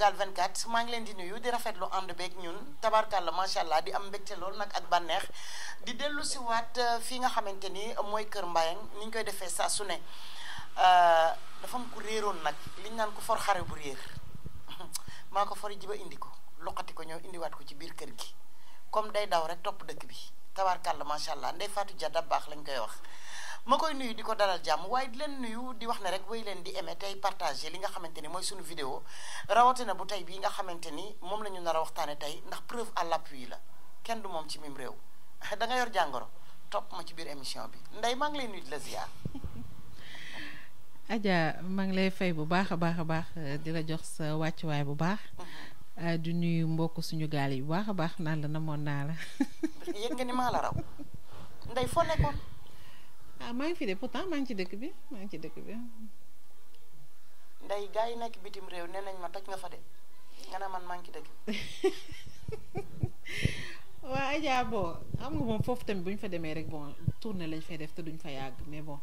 Sénégal su maa ngi leen di nuyu di rafetlu ànd beeg ñun tabarkàlla macha allah di am mbégte lool nag ak bànneex di dellu si waat euh, fii nga xamante ni mooy Kër Mbayang ni ñu koy defee saa su ne euh, dafa am nag liñ naan ko for xare bu réer maa ko for ji ba indi ko loqati ko ñëw indiwaat ko ci biir kër gi comme day daw rek topp dëkk bi tabarkàlla macha allah ndey Fatou Dia baax lañ koy wax. ma koy nuyu di ko dalal jàmm waaye di leen nuyu di wax ne rek way leen di aimer tey partager li nga xamante ni mooy suñu vidéo rawatina bu tey bii nga xamante ni moom la ñu nar a waxtaane tey ndax preuve à l'appui la kenn du moom ci mim réew da nga yor jàngoro topp ma ci biir émission bi ndey maa ngi lay nuyu di la ziar. Adja maa lay fay bu baax a baax a baax euh, di la jox sa wàccuwaay bu baax. Mm-hmm. Euh, di nuyu mbokk suñu gaal yi bu baax a baax naan la namoon naa la. yëg nga ni maa raw ah maa ngi fi de pourtant maa ci dëkk bi maa ngi ci dëkk bi. nday gars yi nekk bitim réew nee nañ ma toj nga fa de nga ne man maa ngi ci dëkk bi. waa Adja bon xam nga moom foofu tamit bu ñu fa demee rek bon ne lañ fay def te duñ fa yàgg mais bon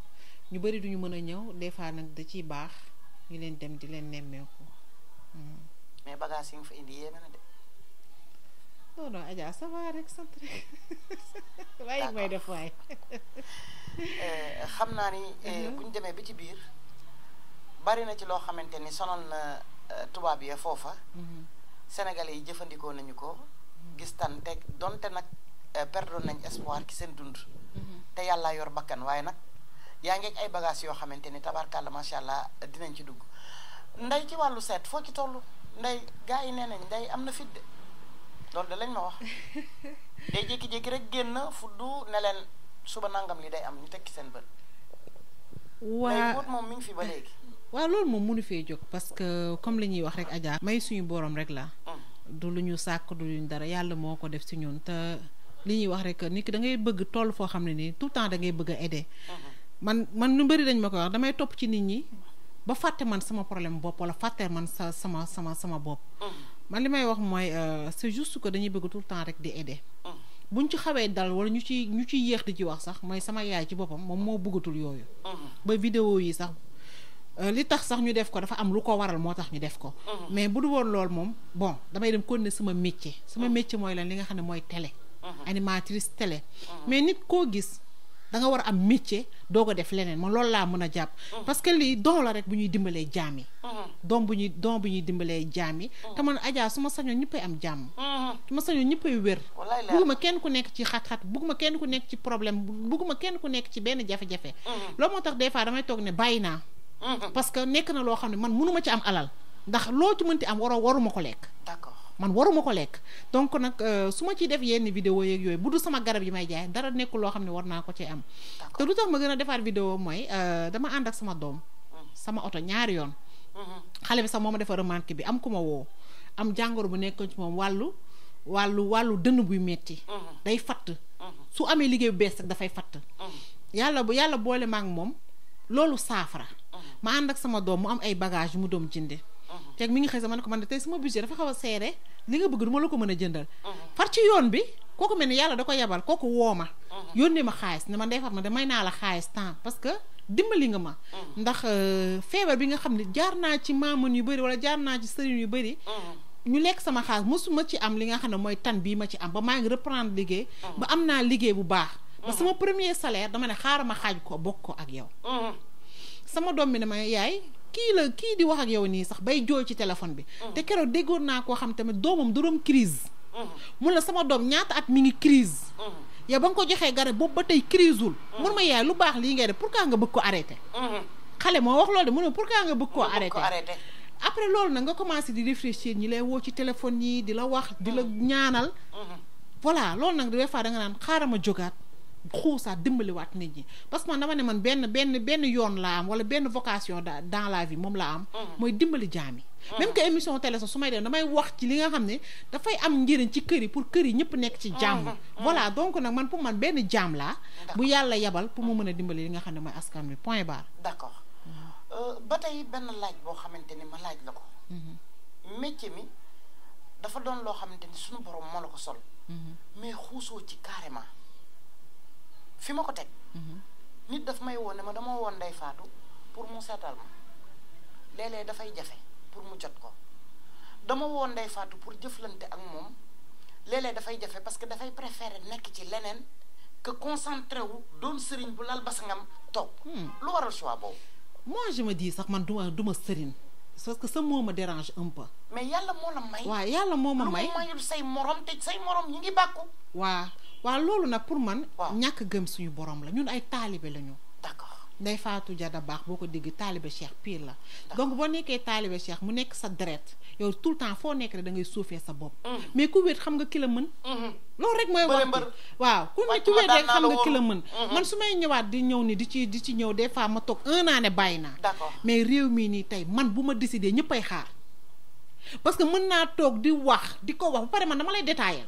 ñu bari duñu mën a ñëw des fois nag da ciy baax ñu leen dem di leen nemmeeku. Hmm. mais yi nga fa indi yéeme na de. non non Adja ça rek sant rek. waaye may def waaye. Eh, xam naa ni eh, mm-hmm. buñ demee ba ci biir bari na ci loo xamante ni sonal na eh, tubaab ya foofa mm-hmm. sénégal yi jëfandikoo nañu ko mm-hmm. gis tan te donte nag perdoon nañ espoir ci seen dund te yàlla yor bakkan waaye nag yaa ngeeg ay bagages yoo xamante ni tabarkàlla macha allah dinañ ci dugg nday ci wàllu seet foo ci toll nday gars yi nee nañ nday am na fit de loolu da lañ ma wax day jékki-jékki rek génn fuddu ne leen suba nangam li day am ñu tekki seen bët. waa mais moom mi ngi fi ba léegi. waaw loolu moom mënu fee jog parce que comme li ñuy wax rek Adja. may suñu borom rek la. Mm. du lu ñu sàkk du lu luñ dara yàlla moo ko def si ñun te li ñuy wax rek nit ki da ngay bëgg toll foo xam ne nii tout le temps da ngay bëgg a mm-hmm. man man lu bëri dañ ma ko wax damay topp ci nit ñi ba fàtte man sama problème bopp wala fàtte man sa sama sama sama bopp. Mm-hmm. man li may wax mooy euh, c'est juste que dañuy bëgg temps rek di aider. Mm. bu ñu ci xawee dal wala ñu ci ñu ciy yéex di ci wax sax mooy sama yaay ci boppam moom moo bëggatul yooyu. Uh-huh. ba vidéo yi sax euh, li tax sax ñu def ko dafa am lu ko waral moo tax ñu def ko. Uh-huh. mais bu du woon loolu moom bon damay dem continuer sama métier. sama uh-huh. métier mooy lan li nga xam ne mooy télé. animatrice télé. mais nit koo gis da nga war a am métier. doo ko def leneen ma loolu laa mën a jàpp mm. parce que lii don la rek bu ñuy dimbalee jaam yi mm-hmm. bu ñuy don bu ñuy dimbalee jaam yi mm. te man Adja su ma sañoon ñëppay am jàmm mm-hmm. su ma sañoon ñëppay wér bugguma kenn ku nekk ci xat-xat bugguma kenn ku nekk ci problème bugguma kenn ku nekk ci benn jafe-jafe mm-hmm. loolu moo tax des fois damay toog ne bàyyi naa parce que nekk na loo xam ne man mënuma ci am alal ndax loo ci mënti am waroo waruma ko lekk d'accord man waruma ko lekk donc nag euh, su ma ciy def yenn vidéo yeeg yooyu bu dul sama garab yi may jaay dara nekkul loo xam ne war naa ko ci am te lu tax ma gën a defaat vidéo mooy euh, dama ànd ak sama doom mm-hmm. sama oto ñaari yoon mm-hmm. xale bi sax moo ma defa bi am ku ma woo am jàngoro bu nekkoon ci moom wàllu wàllu wàllu dënn buy metti mm-hmm. day fatt su amee liggéey bu bees rek dafay fatt yàlla bu yàlla boole ma moom loolu saafara ma ànd ak sama doom mu am ay yu mu doom jënde Uh-huh. teg mi ngi xëy sama ne ko man de tey sama budget dafa xaw seere li nga bëgg du ma ko mën a jëndal uh-huh. far ci yoon bi kooku mel ni yàlla da ko yebal kooku woo ma uh-huh. yónnee ma xaalis ne ma ndey far ma de may naa la xaalis temps parce que dimbali nga ma ndax euh, feebar bi nga xam ne jaar naa ci maamun yu bëri wala jaar naa ci sëriñ yu bëri ñu lekk sama xaalis mosuma ci am li nga xam ne mooy tan bii ma ci am ba maa ngi reprendre liggéey ba am naa liggéey bu baax sama premier salaire dama ne xaaral ma xaaj ko bokk ko ak yow doom bi kii la kii di wax ak yow nii sax bay jooy ci téléphone bi. Mm. te keroog déggoon naa koo xam tamit doomam du doon crise. Mm. mun la sama doom ñaata at mi ngi crise. Mm. yow ba nga ko joxee garab boobu ba tey criseul. mun ma yaay lu baax lii ngay def pourquoi nga bëgg ko arrêté. xale moo wax loolu de mun ma pourquoi nga bëgg ko arrêté. après loolu nag nga commencé di réfléchir ñi lay woo ci téléphone yi di la wax di la ñaanal. voilà loolu nag des fois da nga naan xaaral ma jógaat. xuusaat dimbaliwaat nit ñi parce que man dama ne man benn benn benn yoon laa am wala benn vocation da dans la vie moom laa am mm. mooy dimbali jaam yi mm. même que émission télé su may dem damay wax ci li nga xam ne dafay am njëriñ ci kër yi pour kër yi ñëpp nekk ci jàmm mm, voilà donc nag man pour man benn jaam laa bu yàlla yebal pour mu mën a dimbali li nga xam ne mooy askan bi point barre d'accord euh, ba tey benn laaj boo xamante ni ma laaj la ko mm-hmm. métier mi dafa doon loo xamante ni suñu borom ko sol mm-hmm. mais xuusoo ci carrément fi ma ko teg. Mhm. nit dafa may woon ne ma dama woon Ndeye faatu pour mu seetal ma léeg dafay jafe pour mu jot ko dama woon Ndeye faatu pour jëflante ak moom léeg dafay jafe parce que dafay préférer nekk ci leneen que concentré wu doon sëriñ bu lal basangam toog. Hmm. lu waral choix boobu. moi je me sax man du ma du ma sëriñ parce que sa moo ma dérange un peu. mais yàlla moo la may. waaw yàlla moo ma may lu mayul say morom te say moroom ñu ngi bàkku. waa waaw loolu nag pour man. ñàkk gëm suñu borom la ñun ay taalibe lañu. d'accord Ndeye Fatou Diada baax boo ko dégg taalibe Cheikh pire la. donc boo nekkee taalibe Cheikh mu nekk sa deret yow tout le temps foo nekk rek da ngay suufee sa bopp. Mm. mais ku wéet xam nga ki la mën. Mm-hmm. loolu rek mooy wax waaw ku ne ku wéet rek xam nga ki la mën. Mm-hmm. man su may ñëwaat di ñëw nii di ci di ci ñëw des fois ma toog un an ne bàyyi naa. mais réew mii nii tey man bu ma décidé ñëppay xaar parce que mën naa toog di wax di ko wax ba pare man dama lay détaillé.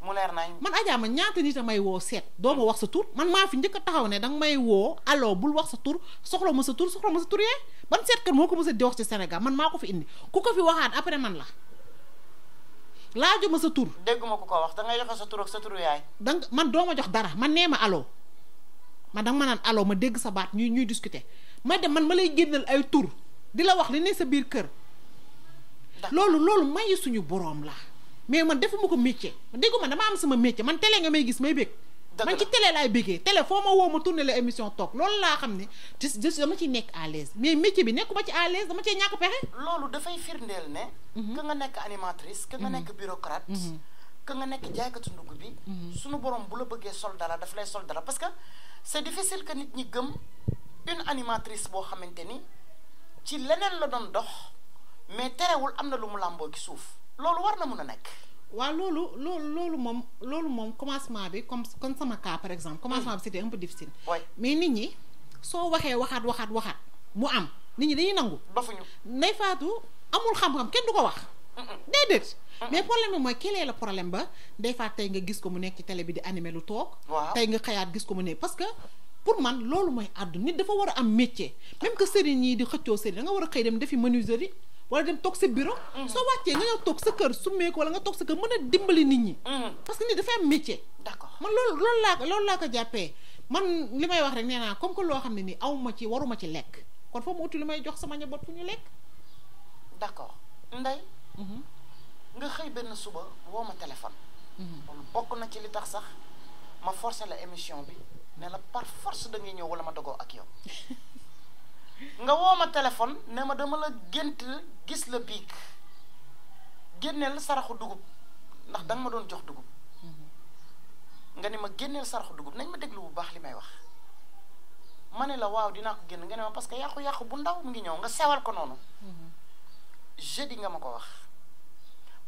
mu leer nañ man Adja ma ñaata nit a may woo seet doo ma wax sa tur man maa fi njëkk taxaw ne danga may woo allo bul wax sa tur soxla ma sa tur soxla ma sa tur yee ban seetkat moo ko mës a di wax ci Sénégal man maa ko fi indi ku ko fi waxaat après man la laaju ma sa tur. dégg ku ko wax dangay joxe sa tur sa turu yaay. man doo ma jox dara man nee ma allo man danga ma naan allo ma dégg sa baat ñuy ñuy discuter ma dem man ma lay génnal ay tur di la wax li ne sa biir kër. loolu loolu mayu suñu boroom la. mais man defuma ko métier man déggu ma dama am sama métier man télé nga may gis may bég man ci télé laay bégee télé foo ma woo ma tourné la émission toog loolu laa xam ne te dama ciy nekk à l'aise mais métier bi nekkuma ci à l'aise dama cee ñàkk pexe loolu dafay firndeel ne mhm. ka nga nekk animatrice ka nga mhm. nekk bureaucrate mhm. ka nga nekk jaaykatu ndugg bi suñu borom bu la bëggee sol dara daf lay sol dara parce que c'est difficile que nit ñi gëm une animatrice boo xamante ni ci leneen la doon dox mais terewul am na lu mu làmboo ci suuf loolu war na mun a nekk. waaw loolu loolu moom loolu moom commencement bi comme comme sama cas par exemple. commencement bi c'était un peu difficile. mais nit ñi soo waxee waxaat waxaat waxaat mu am nit ñi dañuy nangu. dofuñu Ndeye Fatou amul xam-xam kenn du ko wax. déedéet. mais problème bi mooy quel est le problème ba des fois tey nga gis ko mu nekk ci tele bi di animé lu toog. tey nga xëyaat gis ko mu nekk parce que pour man loolu mooy àdduna nit dafa war a am métier. même que sëriñ yi di xëccoo sëriñ da nga war a xëy dem defi menuiserie. wala dem toog sa bureau. Mm-hmm. soo wàccee nga ñëw toog sa kër summee ko wala nga toog sa kër mën a dimbali nit ñi. Mm-hmm. parce que nit dafa am métier. d'accord man loolu loolu laa loolu laa ko jàppee man li may wax rek nee naa comme que loo xam ne ni aw ma ci waruma ci lekk kon foo ma uti li may jox sama njaboot fu ñu lekk. d'accord Ndeye. Mm-hmm. nga xëy benn suba woo ma téléphone. loolu bokk na ci li tax sax ma forcé la émission bi ne la par force da ngay ñëw wala ma dogoo ak yow. nga woo ma téléphone ne ma dama la gént gis la biig génneel saraxu dugub ndax danga ma doon jox dugub nga ne ma génneel saraxu dugub nañ ma déglu bu baax li may wax ma ne la waaw dinaa ko génn nga ne ma parce que yàqu-yàqu bu ndaw mu ngi ñëw nga sewal ko noonu jeudi nga ma ko wax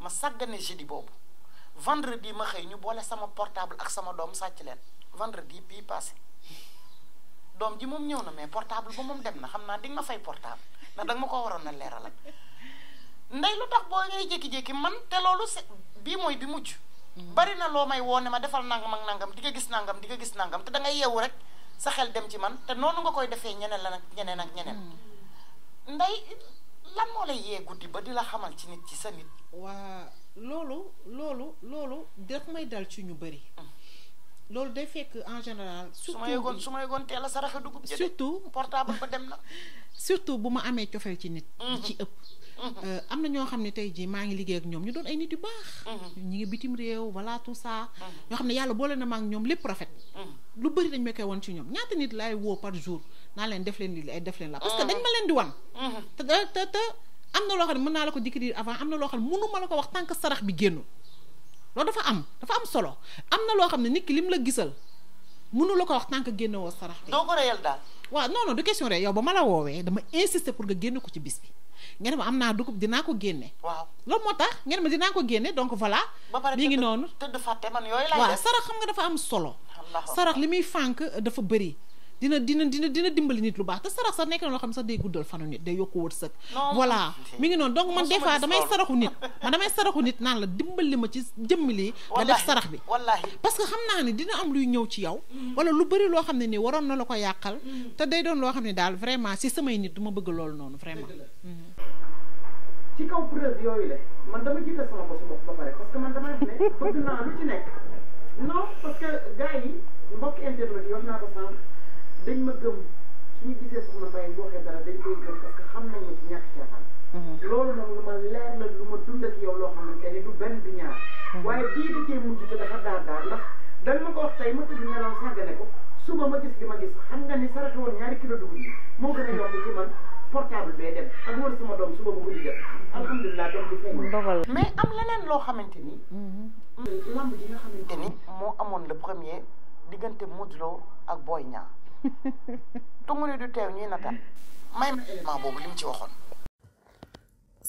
ma sàggane jeudi boobu vendredi ma xëy ñu boole sama portable ak sama doom sàcc leen vendredi bii passé doom ji moom ñëw na mais portable ba moom dem na xam naa di nga ma fay portable ndax danga ma ko waroon a leeral ak ndey lu tax boo ngay jékki-jékki man te loolu se bii mooy bi mujj. Mm-hmm. bari na loo may woone ma defal nangam ak nangam di nga gis nangam di nga gis nangam te da ngay yeewu rek sa xel dem ci man te noonu nga koy defee ñeneen la ñeneen ak ñeneen. Mm-hmm. ndey lan moo lay yee guddi ba di la xamal ci nit ci sa nit. waa loolu loolu loolu def may dal ci ñu bari. Mm. loolu day fekk en général. surtout su ma yëgoon su ma yëgoon teel a saraxe dugub. surtout portable ba dem na. surtout bu ma amee cofeel ci nit. di mhm. ci ëpp. Mhm. Euh, am na ñoo xam ne tey jii maa ngi liggéey ak ñoom ñu doon ay nit yu baax. Mhm. ñi ngi bitim réew voilà tout ñoo xam ne yàlla boo na ma ak ñoom lépp rafet. lu bëri dañ ma koy wan ci ñoom ñaata nit laay woo par jour naa leen def leen lii eh, def leen la. parce que dañ ma leen di wan. te te te am na loo xam ne mën naa la ko décrire avant am na loo xam ne mënu ma la ko loolu dafa am dafa am solo am na loo xam ne nit ki mu la gisal mënu la ko wax tànk que woo sarax bi. doo ko réyal daal. waaw non du question rek yow ba ma la woowee dama insister pour nga génne ko ci bis bi ngeen ma am naa dugub dinaa ko génne. waaw loolu moo tax ngeen ma dinaa ko génne donc voilà. mi ngi noonu ba pare tëdd fàtte man yooyu laay def waaw sarax xam nga dafa am solo. sarax li muy fànk dafa bëri. dina dina dina dina dimbali nit lu baax te sarax sax nekk na xam ne sax day fanu nit day yokku wërsëg voilà mi ngi noonu donc man des fois damay saraxu nit man damay saraxu nit naan la dimbali ma ci jëmmi lii nga def sarax bi parce que xam naa ni dina am luy ñëw ci yow mm-hmm. wala lu bari loo xam ne nii waroon na la ko yàqal mm-hmm. te day doon loo xam ne daal vraiment si samay nit du ma bëgg loolu noonu vraiment mm-hmm. ci kaw preuve yooyu la man dañ ma gëm suñu gisee soxna Mbaye boo waxee dara dañ koy gëm parce que xam nañ ne ci ñàkk caaxaan mhm. loolu moom lu ma leer la lu ma dund ak yow loo xamante ne du benn mhm. bii da cee mujj ndax dañ ma ko wax tey ma tëdd nelaw sàggane ko suba ma gis li ma gis xam nga ni saraxe ñaari kilo dugub moo gën a yomb ci man portable bee dem ak wër sama doom suba ma ko di jël alhamdulilah doom bi feeñ xamante ni mhm. lamb nga xamante ni moo amoon le premier diggante Modou Lo ak booy Niang Tounkara du teew ñuy nataal may ma boobu li ci waxoon.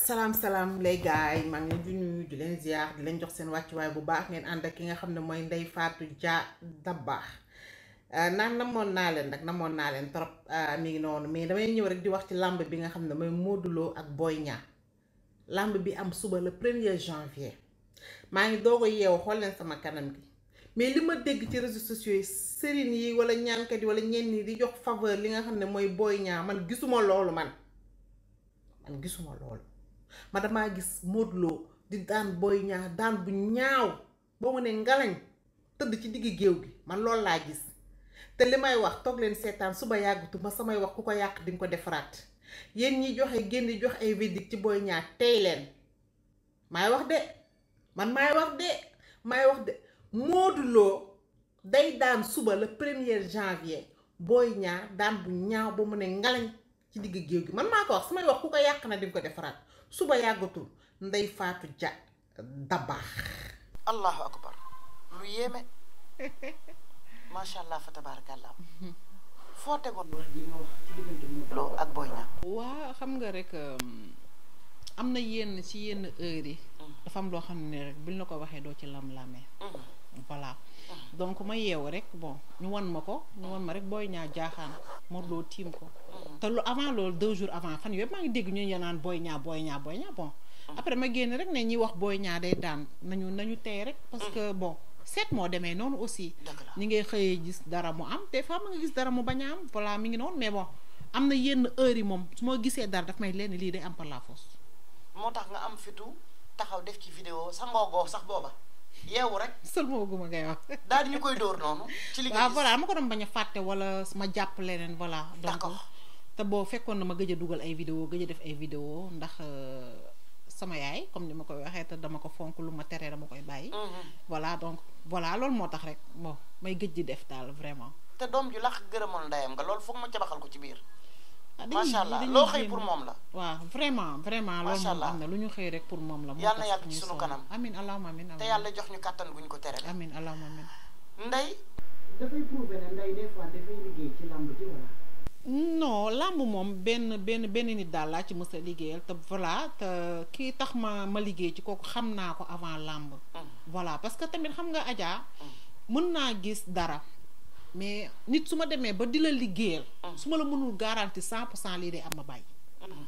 salaam salaam les gars maa ngi leen di ziar di leen jox seen wàccuwaay bu baax ngeen ànd ak ki nga xam ne mooy Ndeye Fatou Dia Dabakh euh, naan namoon naa leen nag namoon naa leen trop euh, mi ngi noonu mais damay ñëw rek di wax ci làmb bi nga xam ne mooy Modou Lo ak Boy Niang làmb bi am suba la premier janvier maa ngi doog a yeewu xool leen sama kanam gi. mais li ma dégg ci réseaux sociaux yi sëriñ yi wala ñaankat yi wala ñenn ñi di jox faveur li nga xam ne mooy booy ñaa man gisuma loolu man man gisuma loolu ma damaa gis Modou Lo di daan booy ñaa daan bu ñaaw boo ma ne ngalañ tëdd ci digg géew gi man loolu laa gis te li wax toog leen seetaan suba yàggatu ma samay wax ku ko yàq di ko defaraat yéen ñi joxe génn jox ay verdict ci booy ñaa tey leen wax man maay wax de maay wax de Modou Lo day daan suba le premier janvier booy ñaar daan bu ñaaw ba mu ne ngalañ ci digg géew gi man maa ko wax su may wax ku ko yàq na di ko defaraat suba yàggatul nday faatu ja dabaax allahu akbar lu yéeme macha allah fa tabarakallah foo tegoon Lo ak Boy Niang waa xam nga rek um, am na yenn ci yenn heure yi mm. dafa am loo xam ne rek buñ la ko waxee doo ci lam-lamee mm-hmm. voilà donc ma yeewu rek bon ñu wan ma ko ñu wan ma rek booy ñaa jaaxaan Modou loo tiim ko te lu avant loolu deux jours avant fan yëpp maa ngi dégg ñu naan booy ñaa booy ñaa booy ñaa bon après ma génn rek ne ñi wax booy ñaa day daan nañu nañu tey rek parce que bon seet moo demee noonu aussi ñi ngay xëyee gis dara mu am des fois ma nga gis dara mu bañ am voilà mi ngi noonu mais bon am na yenn heures yi moom su ma gisee dara daf may lenn lii day am par moo tax nga am fitu taxaw def ci vidéo sa sax booba yeewu rek. sëlmooguma ngay wax. daal di ñu koy dóor noonu. ci li nga gis waaw voilà ma ko doon bañ a fàtte wala ma jàpp leneen voilà. donc te boo fekkoon na gëj a dugal ay vidéo gëj def ay vidéo ndax. Euh, sama yaay comme ni ma koy waxee te dama ko fonk lu ma teree dama koy bàyyi. Mhm. voilà donc voilà loolu moo tax rek bon may gëj di def daal vraiment. te doom ju lax gërëmal ndeyam nga loolu foog ma cabaxal ko ci biir. Ah, macha allah loo xëy pour moom la. waaw vraiment vraiment loolu moom am na lu ñu xëy rek pour moom la. yàlla na yàgg ci sunu kanam amin allahumma amin te yàlla jox ñu kàttan bu ko teree. amin allahumma amin ndey. dafay prouver ne ndey des fois dafay liggéey ci làmb ji wala. non làmb moom benn benn benn nit daal laa ci mës a liggéeyal te voilà te kii tax ma ma liggéey ci kooku xam naa ko avant làmb. Mm. voilà parce que tamit xam nga Adja. Mm. mën naa gis dara. mais nit su ma demee ba di la liggéeyal. Mm. su ma la mënul garanti cent pour cent lii day am ma bàyyi. Mm.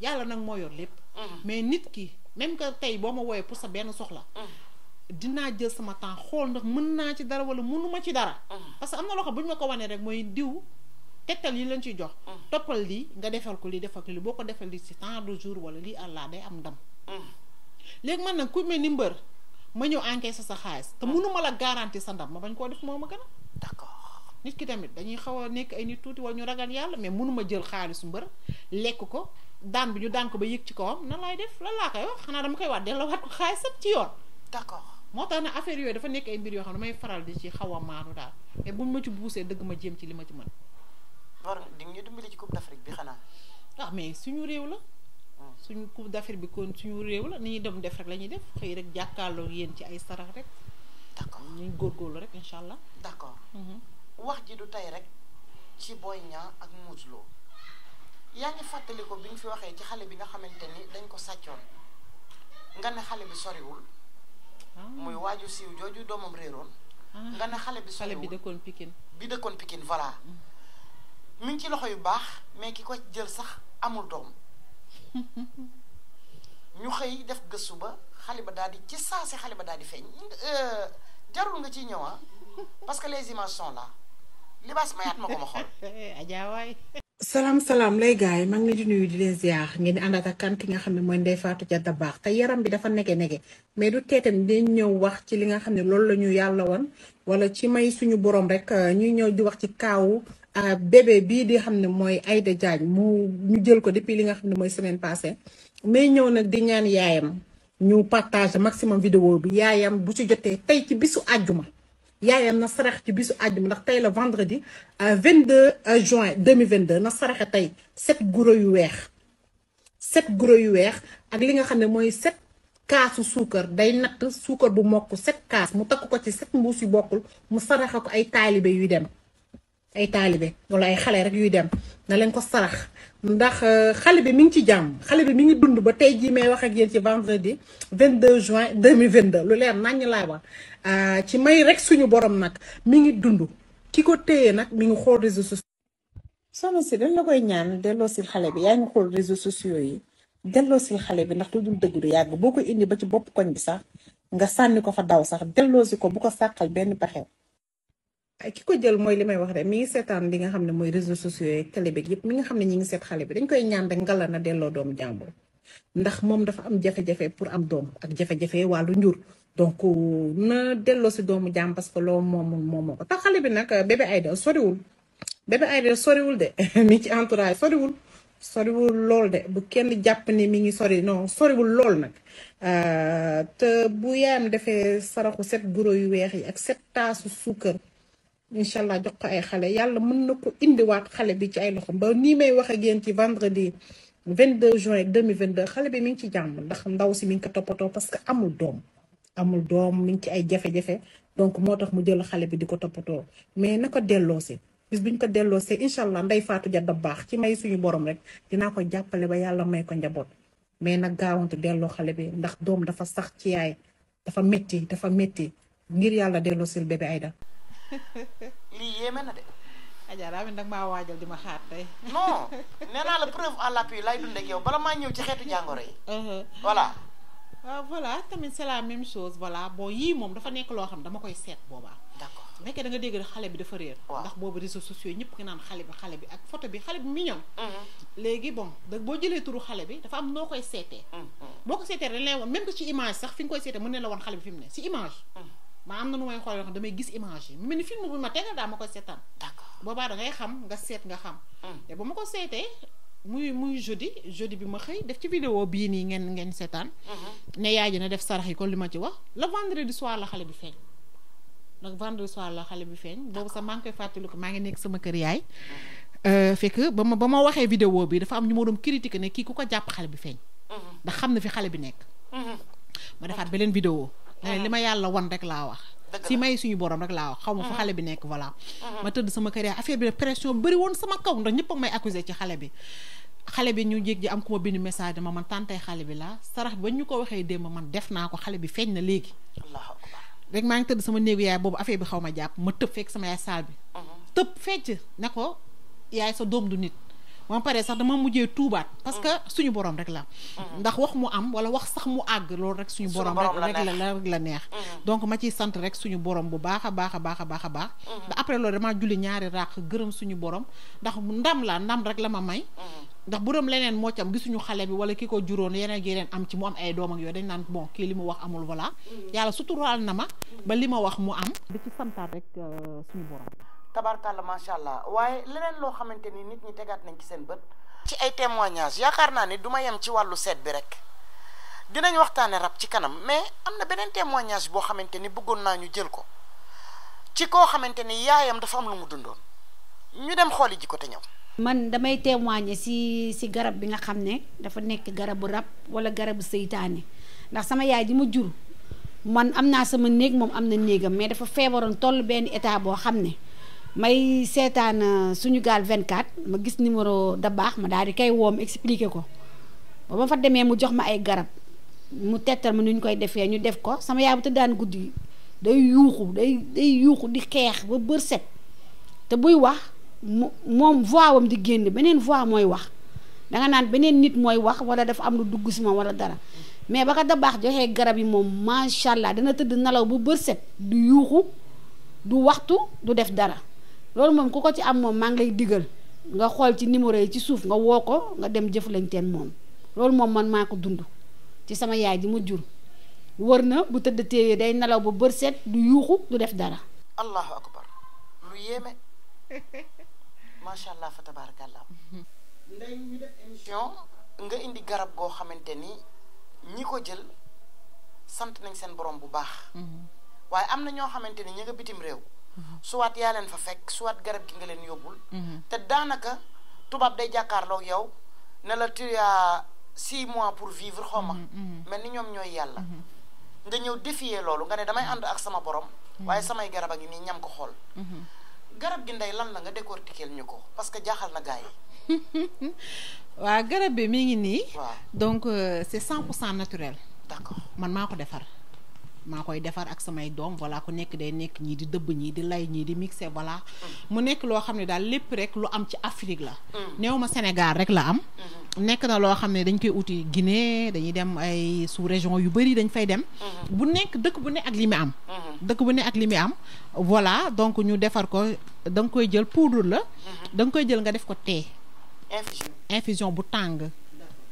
yàlla nag moo yor lépp. Mm. mais nit ki même que tey boo ma wooyee pour sa benn soxla. dinaa jël sama temps xool ndax mën naa ci dara wala mënuma ci dara. parce que am na loo xam ñu ma ko wanee rek mooy diw tegtal yi leen ciy jox. toppal lii nga defal ko lii defal ko lii boo ko defal lii ci temps de jour wala lii àllaa day am ndam. léegi man nag ku mel ni mbër ma ñëw encaissé sa xaalis te mënuma la garanti sa ndam ma bañ koo def moo ma gën a nit ki tamit dañuy xaw nekk ay nit tuuti wala ñu ragal yàlla mais mënuma jël xaalisu mbër lekk ko daan bi ñu dànk ba yëg ci kawam nan laay def lan laa koy wax xanaa dama koy waat delloowaat ko xaalisam ci yoon. d'accord moo tax na affaire yooyu dafa nekk ay mbir yoo xam ne damay faral di ci xaw a maanu daal et buñ ma ci buusee dëgg ma jéem ci li ma ci mën. war di ñu dimbali ci Coupe d'Afrique bi xanaa. ah mais suñu réew la. Hmm. suñu Coupe d'Afrique bi kon suñu réew la ni ñuy dem def rek la ñuy def xëy rek jàkkaarloo yéen ci ay sarax rek. d'accord ñu góorgóorlu rek incha allah. d'accord. Mhm. wax ji du tey rek ci Boy ñaa ak Modou yaa ngi fàttali ko bi ñu fi waxee ci xale bi nga xamante ni dañ ko sàccoon nga ne xale bi soriwul hmm. muy waaju siiw jooju doomam réeroon hmm. nga ne xale bi soriwul bi dëkkoon Pikine bi dëkkoon Pikine voilà hmm. mi ngi ci loxo yu baax mais ki ko jël sax amul doom ñu xëy def gëstu ba xale ba daal di ci saa si xale ba daal di feeñ euh, jarul nga ciy ñëwaa ah. parce que les images sont libaas mayaat ma eh, salaam salaam lay gars yi maa ngi leen di nuyu di leen ziar ngeen di àndaat ak kan ki nga xam ne mooy Ndeye Fatou Diatta Baax te yaram bi dafa nege nege mais du tee de ñëw wax ci li nga xam ne loolu la ñu yàlla woon wala ci may suñu boroom rek euh, ñuy ñëw di wax ci kaawu euh, bébé bii di xam ne mooy ayda Diagne mu ñu jël ko depuis li nga xam ne mooy semaine passée mais ñëw nag di ñaan yaayam ñu partage maximum vidéo bi yaayam bu ci jotee tey ci bisu àjjuma. yaayam na sarax ci bisu àjjuma ndax tey la vendredi 22 euh, euh, juin vingt 2022 na saraxe tey set guro yu weex sept guro yu weex ak li nga xam ne mooy sept kaasu suukar day natt suukar bu mokk sept kaas mu takk ko ci sept mbuus yu bokkul mu saraxe ko ay taalibe yuy dem ay taalibe wala ay xale rek yuy dem na leen ko sarax ndax euh, xale bi mi ngi ci jàmm xale bi mi ngi dund ba tey jii may wax ak yéen ci vendredi 22 juin 2022 lu leer naññ laay wax euh, ci may rek suñu borom nag mi ngi dund ki ko téye nag mi ngi xool réseaux sociaux. soxna si dañ la koy ñaan delloo si xale bi yaa ngi xool réseaux sociaux yi delloo si xale bi ndax lu dul dëgg du yàgg boo ko indi ba ci bopp koñ bi sax nga sànni ko fa daw sax delloo si ko bu ko sàqal benn pexe. ki ko jël mooy li may wax rek mi ngi seetaan li nga xam ne mooy réseaux sociaux yeeg télé beeg yëpp mi nga ne ñi ngi seet xale bi dañ koy ñaan rek ngala na delloo doomu jàmbur ndax moom dafa am jafe-jafe pour am doom ak jafe-jafe wàllu njur donc euh, na delloo si doomu jàmm parce que loolu moom moom moo ko tax xale bi nag bébé Aïda soriwul bébé Aïda soriwul de mi ci entourage soriwul soriwul lool de bu kenn jàpp ni mi ngi sori non soriwul lool nag euh, te bu yaayam defee saraxu set guro yu weex yi ak set taasu suukar incha allah jox ko ay xale yàlla mën na ko indiwaat xale bi ci ay loxo ba nii may wax ak yéen ci vendredi 22 juin 2022 xale bi mi ngi ci jàmm ndax ndaw si mi ko toppatoo parce que doom amul doom mi ngi ci ay jafe donc moo tax mu jël xale bi di ko toppatoo mais na ko delloosi bis bu ñu ko delloosee incha allah nday faatu ja da baax ci may suñu borom rek dinaa ko jàppale ba yàlla may ko njaboot mais nag gaawantu delloo xale bi ndax doom dafa sax ci yaay dafa métti dafa métti ngir yàlla delloosil bébé Aïda lii yéeme na de. Adja daa mel maa waajal di ma xaar tey. non nee naa la preuve à l'appui lay dund ak bala maa ñëw ci xeetu jàngoro yi. Uh-huh. voilà. waaw voilà la même chose voilà bon yii moom dafa nekk loo xam dama koy seet boobaa. d'accord bu fekkee da nga xale bi dafa réer. ndax boobu réseaux sociaux ñëpp nga naan xale bi xale bi ak photo bi xale bi mignon. Mm-hmm. léegi bon da boo jëlee turu xale bi dafa am noo koy seetee. Mm-hmm. boo ko seetee dañ lay woon même que ci image sax fi nga koy seetee mën ne la fi mu ne ci image. Mm-hmm. ma am na nu may xool yoo xam damay gis image yi mu mel ni film bu ma tegal daa ma koy seetaan. d'accord boobaa da xam nga seet nga xam. Hmm. te bu ma ko seetee muy muy jeudi jeudi bi ma xëy def ci vidéo bii nii ngeen ngeen seetaan. Hmm. ne yaay ji na def sarax yi kon li ma ci wax. le di soir la xale bi feeñ. le vendredi soir la xale bi feeñ. boobu sax maa ngi koy fàttaliku maa ngi nekk sama kër yaay. Hmm. Euh, fekk ba ma ba ma waxee vidéo bi dafa am ñu ma doon ne kii ku ko jàpp xale bi feeñ. ndax xam na fi xale bi nekk. ma defaat beneen ne li ma yàlla wan rek laa wax si may suñu borom rek laa wax xaw ma fa xale bi nekk voilà ma tëdd sama carrière affaire bi pression bëri woon sama kaw ndax ñëpp a may accusé ci xale bi xale bi ñu jéeg ji am ku ma bind message dama man tàntey bi laa sarax ba ñu ko waxee démb man def naa ko xale bi feeñ na léegi rek maa ngi tëdd sama néegu yaay boobu affaire bi xaw ma jàpp ma tëb fekk sama yaay saal bi tëb fecc ne ko yaay sa doom du nit ma pare sax dama mujjee tuubaat parce que mm. suñu borom rek la ndax wax mu am wala wax sax mu àgg loolu rek suñu borom rek la la rek la neex donc ma ci sant rek suñu borom bu baax a baax a baax a baax a baax da après loolu julli ñaari ràq gërëm suñu borom ndax ndam la ndam rek la ma may ndax bu leneen moo am gisuñu xale bi wala ki ko juróon yeneen ak yeneen am ci mu am ay doom ak yooyu dañ naan bon kii li mu wax amul voilà yàlla suturaal na ma ba li ma wax mu am di ci santaat rek euh, suñu borom tabarkàlla macha allah waaye leneen loo xamante nii nit ñi tegaat nañ ci seen bët. ci ay témoignages yaakaar naa ni duma yem ci wàllu seet bi rek dinañ waxtaane rab ci kanam mais am na beneen témoignage boo xamante ni bëggoon naa ñu jël ko ci koo xamante ni yaayam dafa am lu mu dundoon ñu dem xooli ji ko te ñëw. man damay témoigner si si garab bi nga xam ne dafa nekk garabu rab wala garabu seytaane ndax sama yaay ji ma jur man am naa sama néeg moom am na néegam mais dafa feebaroon toll benn état boo xam ne. may seetaan suñu gaal 24 ma gis numéro da baax ma daal di koy woom expliqué ko ba ma fa demee mu jox ma ay garab mu tetal ma nuñ koy defee ñu def ko sama yaay bu tëddaan guddi day yuuxu day day yuuxu di xeex ba bër set te buy wax mu moom voix wam di génn beneen voix mooy wax danga naan beneen nit mooy wax wala dafa am lu dugg si moom wala dara mais ba ko da joxee garab yi moom macha allah dana tëdd nelaw bu bër set du yuuxu du waxtu du def dara. loolu moom ku ko ci am moom maa ngi lay digal nga xool ci numéro yi ci suuf nga woo ko nga dem jëflanteen moom loolu moom man maa ko dund ci sama yaay ji mu jur wër na bu tëdd téye day nelaw bu bër set du yuuxu du def dara allahu akbar lu yéeme macha allah fa tabarakallah nday ñu nga indi garab goo xamante ni ñi ko jël sant nañ seen borom bu baax mm-hmm. waaye am na ñoo xamante ni ñi nga bitim réew soit yaa leen fa fekk soit garab gi nga leen yóbbul mhm. te daanaka tubaab day jàkkaarloo yow ne la tu as mois pour vivre xawma mel mhm, mhm. ni ñoom ñooy yàlla nga ñëw défier loolu nga ne damay ànd ak sama borom waaye samay garab a ngi nii ñam ko xool garab gi ndey lan la nga décortiquer ñu ko parce que jaaxal na gars yi waa garab bi mi ngi nii donc euh, c'est cent pour cent naturel d'accord man maa ko defar maa koy defar ak samay doom voilà ku nekk day nekk ñii di dëbb ñii di lay ñii di mixé voilà mu nekk loo xam ne daal lépp rek lu am ci Afrique la mm. néew ma Sénégal rek la am mm-hmm. nekk na loo xam ne dañ koy uti Guinée dañuy dem ay sous régions yu bëri dañ fay dem mm-hmm. bu nekk dëkk bu ne ak li mu am mm-hmm. dëkk bu ne ak li mu am voilà donc ñu defar ko danga koy jël poudre la da koy jël nga def ko tee infusion bu tàng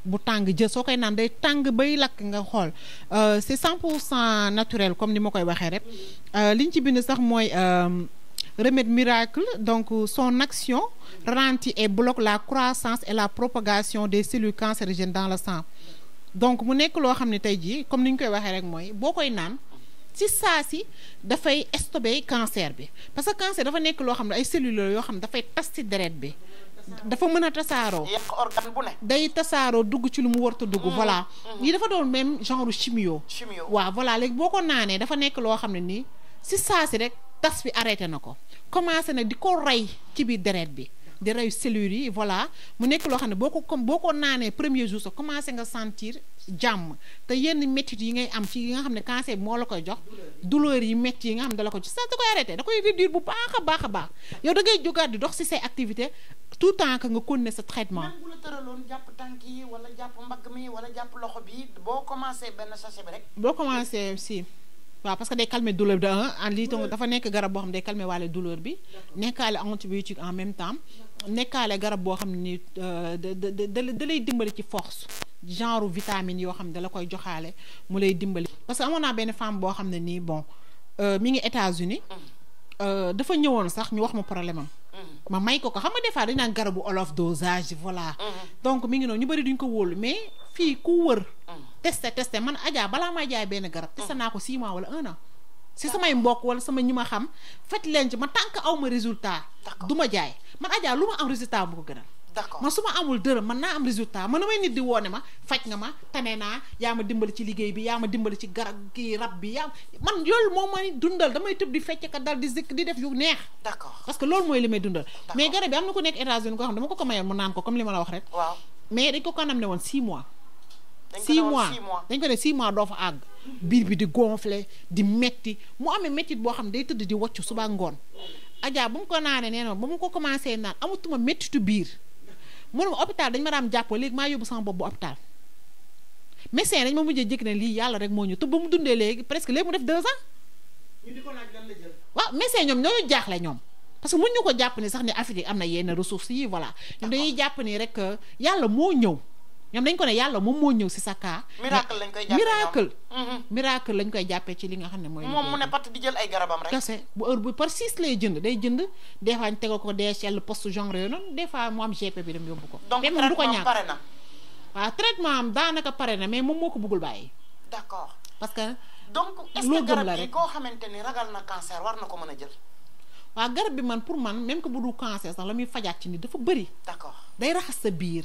bu tàng jë soo koy naan day tàng bay lakk nga xool euh, c'est cent pour cent naturel comme ni ma koy waxee rek euh, liñ ci bind sax mooy euh, remède miracle donc son action ralentit et bloque la croissance et la propagation des cellules cancérigènes dans le sang donc mu loo xam ne tey jii comme ni ñu koy waxee rek mooy boo koy naan ci saa si dafay stoppé cancer bi parce que cancer dafa nekk loo xam ne ay cellules yoo xam ne dafay tas ci deret bi dafa mën a tasaaroo. yàq day tasaaroo dugg ci lu mu warta dugg. Mm-hmm. voilà yi mm-hmm. dafa doon même genre chimio. chimio waaw voilà léegi boo ko naanee dafa nekk loo xam ne nii si saa si rek tas bi arrêté na ko commencé na di ko rey ci biir deret bi. di rey cellules yi voilà mu nekk loo xam ne boo ko comme boo naanee premier jour sa commencé nga sentir jàmm te yenn métit yi ngay am ci yi nga xam ne cancer bi moo la koy jox douleur yi métti yi nga xam ne da la ko ci sa da da koy réduire bu baax a a baax yow da ngay jógaat di dox si say activité tout temps que nga ne sa traitement. même bu la jàpp tànk yi wala jàpp mbagg mi wala jàpp loxo bi boo commencé benn sachet bi rek. boo commencé si waaw parce que day calmer douleur bi en lii dafa nekk garab boo xam day calmer waale douleur bi nekkaale antibiotique en même temps nekkaale garab boo xam ni euh, da da da lay dimbali ci force genre vitamine yoo xam ne dala koy joxaale mu lay dimbali. parce que amoon naa benn femme boo xam ne nii bon euh, mi ngi États-Unis mm. euh, dafa ñëwoon sax ñu wax ma problème am. Mm-hmm. ma may ko ko xam nga des fois dañ naan garabu olof dosage voilà. Mm-hmm. donc mi ngi noonu ñu bëri duñ ko wóolu mais fii ku wër. Mm-hmm. testé testé man Adja balaa may jaay benn garab. testé naa ko 6 mois wala 1 an. si ah. samay mbokk wala sama ñi ma xam faj leen ci ma tànk aw ma résultat. du ma jaay man Adja lu ma am résultat bu ko gënal. d'accord man su ma amul dërëm man naa am résultat man damay nit di woone ma faj nga ma tane naa yaa ma dimbali ci liggéey bi yaa ma dimbali ci garab kii rab bi yaa man loolu moo ma dundal damay tëb di fecc ka dal di zikk di def yu neex d'accord parce que loolu mooy li may dundal mais garab bi am na ku nekk États-Unis koo xam dama ko ko mayoon mu naan ko comme li ma la wax rek mais dañ ko kanam ne woon six mois six dañ ko ne six mois doo fa àgg biir bi di gonfler di metti mu amee mettit boo xam ne day tëdd di wocc suba ngoon Adja bu mu ko naanee nee na ba mu ko commencé naan amatuma méttitu biir mu ne ma hôpital dañ ma daan jàppoo léegi maa yóbbu sama bopp bu hôpital médecin dañ ma mujjee jékki ne lii yàlla rek moo ñu te ba mu dundee léegi presque léegi mu def deux la jël. waaw médecin ñoom ñoo jaaxle ñoom parce que ñu ko jàpp ni sax ni Afrique am na yenn ressources yi voilà. ñun dañuy jàpp ni rek euh, yàlla moo ñëw. ñoom dañ ko ne yàlla moom moo ñëw si sa cas. miracle lañ koy jàppee miracle. Mm-hmm. koy jàppee ci li nga xam ne mooy. moom mu ne pat di jël ay garabam rek. kese bu heure bu par six lay jënd day jënd des fois ñu tegal ko DHL poste genre yooyu noonu des fois mu bi dem yóbbu ko. donc traitement pare na waaw traitement am pare na mais moom moo ko bëggul bàyyi. d'accord parce que. donc est-ce que garab yi koo xamante ni ragal na cancer war na ko mën a jël. waaw garab bi man pour man même ko bu du cancer sax la muy fajaat ci nit dafa bëri. d'accord day raxas sa biir.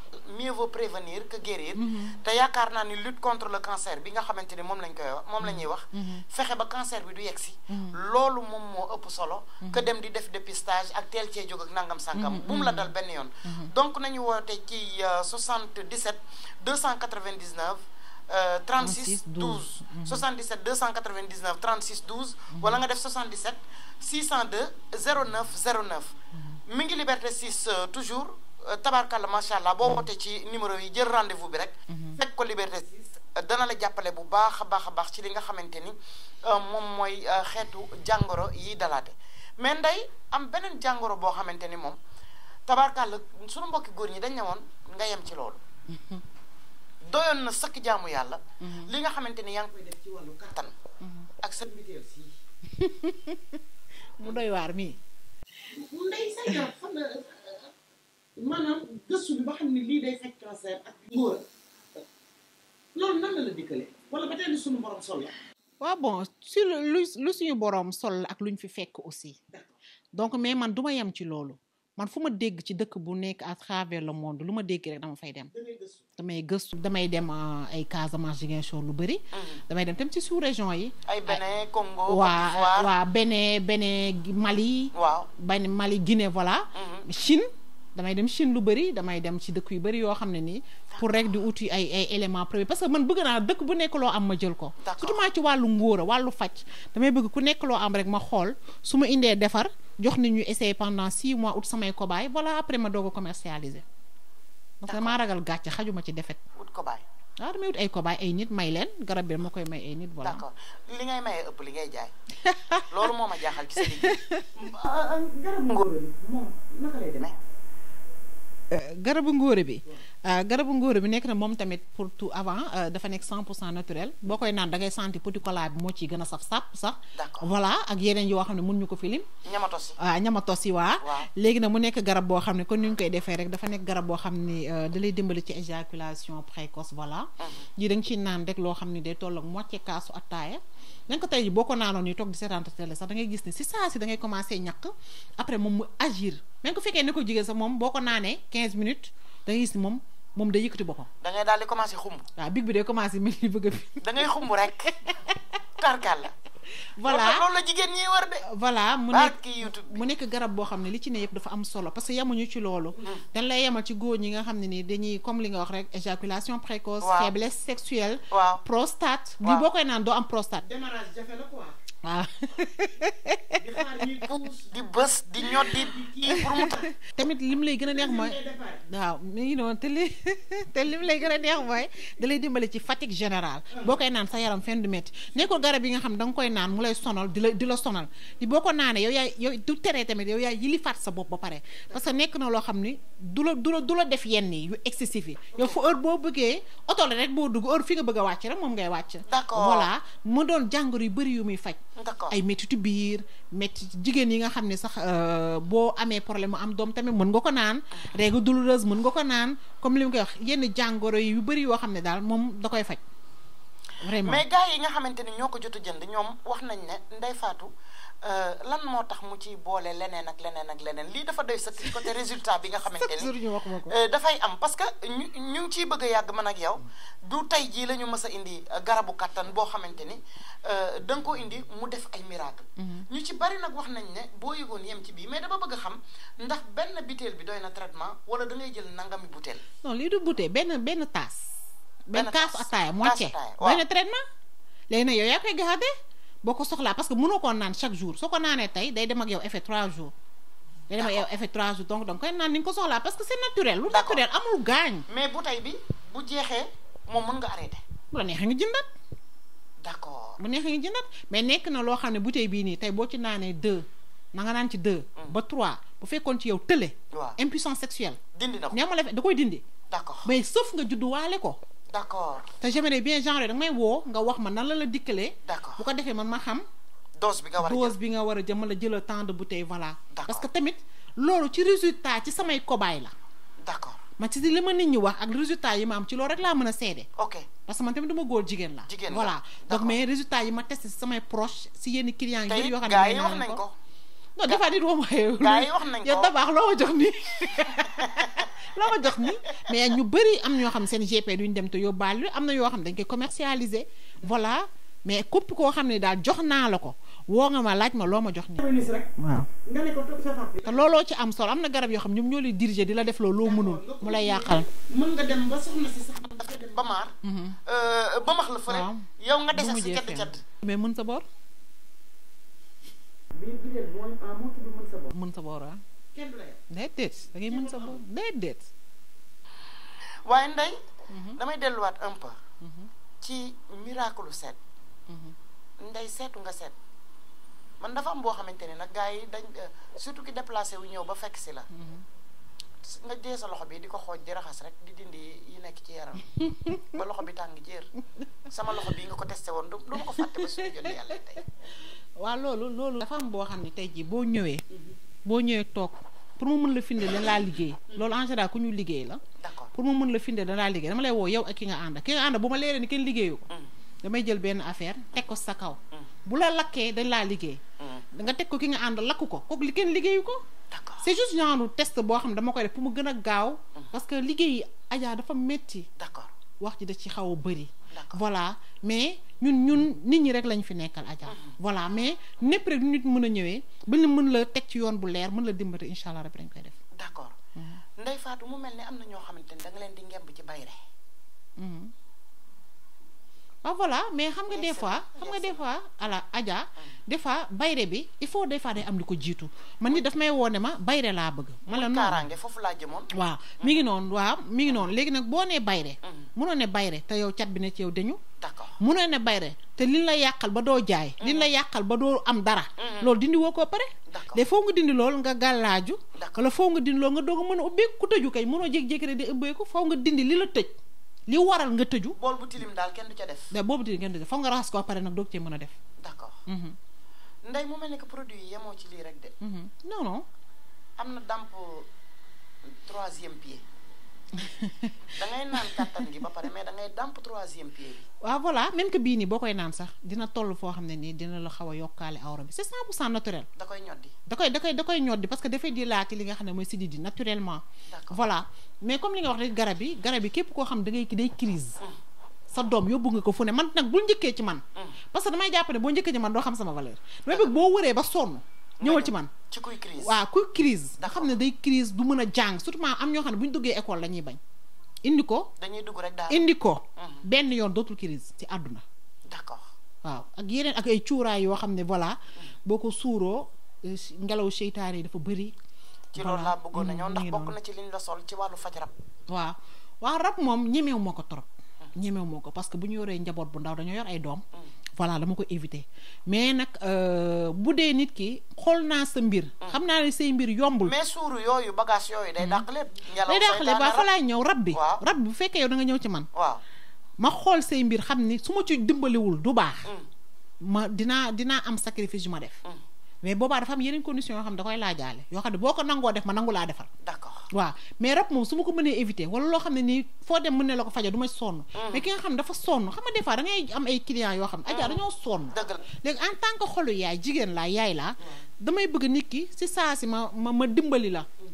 mieux vaut prévenir que guérir. Mhm. te yaakaar naa ni lutte contre le cancer bi nga xamante ni moom lañ koy wax moom la ñuy wax. Mhm. Mhm. fexe ba cancer bi du yegg si. loolu moom moo ëpp solo. que dem di def dépistage ak teel cee jóg ak nangam sànkam. bu mu la dal benn yoon. donc nañu woote ci 77 299. 36 12 77 299 36 12 wala nga def 77 602 09 09 mu ngi Liberté 6 euh, toujours Euh, tabarkalla macha allah boo wootee ci numéro yi jël rendez-vous bi rek. Mhm. fekk ko Liberté 6 dana la jàppale bu baax a baax a baax ci li nga xamante ni euh, moom mooy euh, xeetu jàngoro yi dalaate mais nday am beneen jàngoro boo xamante ni moom tabarkalla sunu mbokki góor ñi dañ ne woon nga yem ci loolu. Mhm. doyoon na sëkk jaamu yàlla. Mhm. li nga xamante ni yaa ngi koy def ci wàllu kattan. ak sa mutuelle sii. mu doy waar mii. maanaam gëstu bi ba xam ne lii day faj cancer ak ngóor loolu la ba tey lu suñu borom sol la. bon si borom sol la ak lu ñu fi fekk aussi. donc mais man duma ma yem ci loolu man fu ma dégg ci dëkk bu nekk à travers le monde lu ma dégg rek fay dem. damay gëstu damay dem euh, ay Casamance Ziguinchor lu bari ah. damay dem tam ci sous région yi. ay Bénin Congo Côte Mali. waaw Bénin Mali Guinée voilà. Mm-hmm. Chine. damay dem Chine lu bëri damay dem ci dëkk yu bëri yoo xam ne ni pour rek di uti ay ay éléments premiers parce que man bëgg naa dëkk bu nekk loo am ma jël ko surtout maa ci wàllu ngóora wàllu faj damay bëgg ku nekk loo am rek ma xool su ma indee defar jox ni ñu essayer pendant six mois ut samay cobaye voilà après ma doog a commercialiser donc damaa ragal gàcc xajuma ci defet ut cobaye waaw ah, damay ut ay cobaye ay nit may leen garab bi ma koy may ay nit voilà d'accord li ngay mayee ëpp li ngay jaay loolu moo ma jaaxal ci sa Euh, garabu ngóore bi euh, garabu ngóore bi nekk na moom tamit pour tout avant euh, dafa nekk 100 pour cent naturel boo koy naan da ngay senti petit cola bi moo ciy gën a saf sàpp sax voilà ak yeneen yoo xam ne mun ñu ko filim ñamatos ah, waaw ñamatos yi waa léegi nag mu nekk garab boo xam ne kon ni ñu koy defee rek dafa nekk garab boo xam ne dalay dimbali ci éjaculation précoce voilà ji mhm. da nga ciy naan rek loo xam ne day toll ak kaasu attaaya na ko tey boo ko naanoon nii toog di seetaan télé sax da gis ne si saa si da ngay commencé ñàkk après moom mu agir même ko fekkee ne ko jigéen sax moom boo ko naanee 15 minutes da gis ni moom moom day yëkkati boppam. da ngay daal di commencé xumb. waaw big bi day commencé mel ni bëgg a. da ngay xumb rek tarkal la. voilà loolu la jigéen ñi war de. mu nekk mu nekk garab boo xam ne li ci ne yëpp dafa am solo parce que yemuñu ci loolu. Mm. dañ lay yemal ci góor ñi nga xam ne ni dañuy comme li nga wax rek éjaculation précoce. faiblesse sexuelle. prostate. waaw lii boo koy naan doo am prostate. démarrage jafe waaw. Ah. di bës di ñor mu tamit lim lay gën a neex mooy. waaw mi ngi noonu te li te lim lay gën a neex mooy da lay dimbale ci fatigue générale. boo koy naan sa yaram fenn du métti nekkul garab yi nga xam da nga koy naan mu lay sonal di la di la sonal boo ko naanee yow yaay yow du tere tamit yow yaay yilifaat sa bopp ba pare. parce que nekk na loo xam ni du la du la du la def yenn yi yu excessif yi yow fu heure boo bëggee oto la rek boo dugg heure fi nga bëgg a wàcc rek moom ngay wàcc. d'accord voilà mu doon jàngoro yu bëri yu muy faj. ay métitu biir métti jigéen yi nga xam ne sax euh, boo amee problème mu am doom tamit mën nga ko naan ah. règle douloureuse mën nga ko naan comme li mu koy wax yenn jàngoro yu bëri yoo xam ne daal moom da koy faj vraiment mais gars yi nga xamante ni ñoo ko jot a jënd ñoom wax nañ ne nday faatu Euh, lan moo tax mu ciy boole leneen ak leneen ak leneen lii dafa doy sa côté résultat bi nga xamante ni euh, dafay am parce que ñu ñu ngi ciy bëgg yàgg man ak yow du tey jii la ñu mës a indi euh, garabu kàttan boo xamante ni da nga ko indi mu def ay miracle mhm. ñu ci bari nag wax nañ ne boo yëgoon yem ci bii mais dama bëgg a xam ndax benn butéel bi doy na traitement wala dangay jël nangami butéel lii du butéel benn benn taas benn kaasu ataaya moitié doy na traitement léegi nag yow yaa koy boo ko soxlaa parce que mënoo koo naan chaque jour soo ko naanee tey day dem ak yow effet 3 jours. day dem ak yow effet 3 jours donc da nga koy naan ni nga ko soxlaa parce que c'est naturel. lu naturel amul gaañ. mais bouteille bi bu jeexee moom mën nga arrêté. bu la neexee nga jëndat. d'accord bu neexee nga jëndat mais nekk na loo xam ne bouteille bii nii tey boo ci naanee deux na nga naan ci deux. Mm. ba trois bu fekkoon ci yow tële. waaw impuissance sexuelle. dindi na ko nee ma la da koy dindi. d'accord mais sauf nga judduwaale ko. d'accord te j'aimerais bien genre danga may woo nga wax ma nan la la dikkalee. d'accord bu ko defee man ma xam. dose bi nga war a dose bi nga war a jëm la jëlal temps de bouteille voilà. parce que tamit loolu ci résultat ci samay cobaye la. d'accord ma ci li ma nit ñi wax ak résultat yi ma am ci loolu rek laa mën a seede. ok parce que man tamit duma góor jigéen la. jigéen la voilà donc mais résultat yi ma testé si samay proche si yenn clients yi. yoo xam ne nañ ko. non des fois nit woo ma xëy. gars yi nañ ko yow da baax loo jox nii loo ma jox nii ñu bëri am ñoo xam seen GP duñ dem te yóbbaale am na yoo xam dañ koy commercialiser voilà mais képp koo xam ne daal jox naa la ko woo nga ma laaj ma loo ma jox nii. waaw. looloo ci am solo am na garab yoo xam ñoom ñoo lay diriger di la def loolu loo mënul mu lay yàqal. mën nga dem ba soxna si mhm. euh, la fële. waaw yow nga dese si kedd kedd. mais mën sa bor. mais jigéen mooy ah moo mën sa bopp. mën sa bopp ah. mën sa bopp déedéet. waaye ndey. Mhm. damay delluwaat un peu. Mhm. ci miracle seet. Mhm. ndey seetu nga seet. man dafa am boo xamante ne nag gars yi dañ euh, surtout ki déplacé wu ñëw ba fekk si la. nga dee sa loxo bii di ko xooj di raxas rek di dindi yi nekk ci yaram ba loxo bi tàng jër sama loxo bii nga ko teste woon du ma ko fàtte ba suñu jot yàlla tey. waa loolu loolu dafa am boo xam ne tey jii boo ñëwee. boo ñëwee toog pour mu mën la finde dañ laa liggéey. loolu en général ku ñu liggéey la. d'accord pour mu mën la finde dañ laa liggéey dama lay woo yow ak ki nga ànd ki nga ànd bu ma leeree ni kenn liggéeyu ko. Mm. damay jël benn affaire teg ko sa kaw. Mm. bu la lakkee dañ laa liggéey. Mm. nga teg ko ki nga ànd lakk ko kooku li kenn liggéeyu ko. d'accord c'est juste genre test boo xam ne dama koy def pour mu gën a gaaw. Mm-hmm. parce que liggéey Adja dafa métti. d'accord wax ji da ci xaw a bëri. voilà mais ñun ñun nit ñi rek lañ fi nekkal Adja. Mm-hmm. voilà mais népp rek nit mën a ñëwee ba ñu mën la teg ci yoon bu leer mën la dimbali incha allah rek dañ koy def. d'accord mm-hmm. Ndeye Fatou mu mel ne am na ñoo xamante ne da nga leen di ngemb ci bayre waaw ah, mais xam nga des fois xam nga des fois ala Adja ah. des fois bayre bi il faut des fois am li ko jiitu ma ni daf may wone ma bayre laa bëgg ma la noonu foofu laa jëmoon waaw mi ngi noonu waaw mi ngi noonu léegi nag boo nee bayre mënoo mm-hmm. ne bayre te yow cat bi ne ci yow dañu d'accord mënoo ne bayre te li liñ la yàqal ba doo jaay mm-hmm. liñ la yàqal ba doo am dara mm-hmm. loolu dindi woo ko pare de foo nga dindi loolu nga gàllaaju wala foo nga dindi loolu nga doog a mën a ubbeeku ku tëju kay mënoo jékki-jékki rek di ubbeeku nga dindi li la tëj li waral nga tëju. bool bu tilim daal kenn du ca def. da boobu tilim kenn du def foog nga raxas ko ba pare nag doog cee mën a def. d'accord. Mhm. ndey mu mel ni que yemoo ci lii rek de. Mhm. non non. am na damp troisième pied. da ngay naan kattan gi ba pare mais da dàmp troisième pied bi. voilà même que bii nii boo koy naan sax dina toll foo xam ne nii dina la xaw a yokkaale awra bi c'est 100% naturel. da koy ñoddi da koy da koy ñoddi parce que dafay di laati li nga xam ne mooy siddi di naturellement. voilà mais comme li nga wax rek garab yi garab yi képp koo xam da ngay day crise mm. sa doom yóbbu nga ko fu ne man nag bul njëkkee ci man. Mm. parce que damay jàpp ne boo njëkkee ci man doo xam sama valeur. mais ñëwal ci man. ci kuy crise waaw kuy crise da xam ne day crise du mën a jàng surtout am ñoo xam ne bu ñu duggee école lañuy bañ. indi ko dañuy dugg rek daal indi ko. Mhm. benn yoon dootul crise ci àdduna. d'accord waaw ak yeneen ak ay cuuraay yoo xam ne voilà mhm. boo ko suuroo eh, ngelaw seytaane yi dafa bëri. ci loolu laa bëggoon na ñëw mm, ndax bokk na ci liñ la sol ci wàllu faj rab. waaw waaw rab moom ñemewu ma ko trop. ñemew moo ko parce que bu ñu yoree njaboot bu ndaw dañoo yor ay doom voilà dama ko éviter mais nag euh, bu dee nit ki xool naa sa mbir xam naa ne say mbir yombul mais suuru yooyu bagage yooyu day hmm. dàq lépp day dàq lépp laay ñëw rab bi rab bi bu fekkee yow da ñëw ci man waaw ma xool say mbir xam ni su ma ci dimbaliwul du baax hmm. ma dinaa dinaa am sacrifice yu ma def hmm. mais boobaa dafa am yeneen condition yoo xam ne da koy laajaale yoo xam ne boo ko nangoo def ma nangu laa defal d'accord waaw mais rab moom su ma ko mënee éviter wala loo xam ne nii foo dem mën ne la ko faja du ma sonn mm. mais ki nga xam ne dafa sonn xam nga des fois am ay clients yoo xam ne mm. dañoo sonn léegi en tant que xolu yaay jigéen laa yaay laa damay bëgg nit ki si saa si ma ma ma dimbali la mm.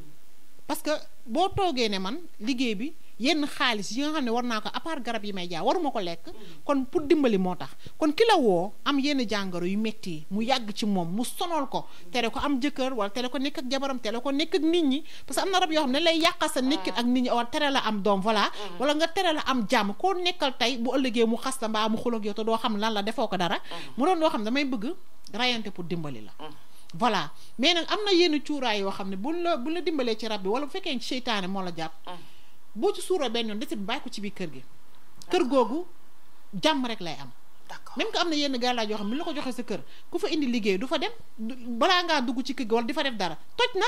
parce que boo toogee ne man liggéey bi yenn xaalis yi nga xam ne war naa ko à garab yi may jaay waruma ko lekk kon pour dimbali moo tax kon ki la woo am yenn jàngoro yu métti mu yàgg ci moom mu sonal ko tere ko am jëkkër wala tere ko nekk ak jabaram tere ko nekk ak nit ñi parce que am na rab yoo xam ne lay yàqal sa nekkit ak nit ñi wala tere la am doom voilà mm-hmm. wala nga tere am jàmm koo nekkal tey bu mu xas la mbaa mu xuloo ak yow te lan la defoo ko dara mm-hmm. mu doon loo ne damay bëgg rayante pour dimbali la mm-hmm. voilà mais nag am na yenn cuuraay yoo xam ne buñ la buñ la dimbalee ci rab bi wala bu fekkee seytaane moo la jàpp boo ci suuroo benn yoon desit bàyyi ko ci biir kër gi kër googu jàmm rek lay am même que am na yenn gàllaaj yoo xam ne la ko joxee sa kër ku fa indi liggéey du fa dem balaa ngaa dugg ci kër gi wala di fa def dara toj na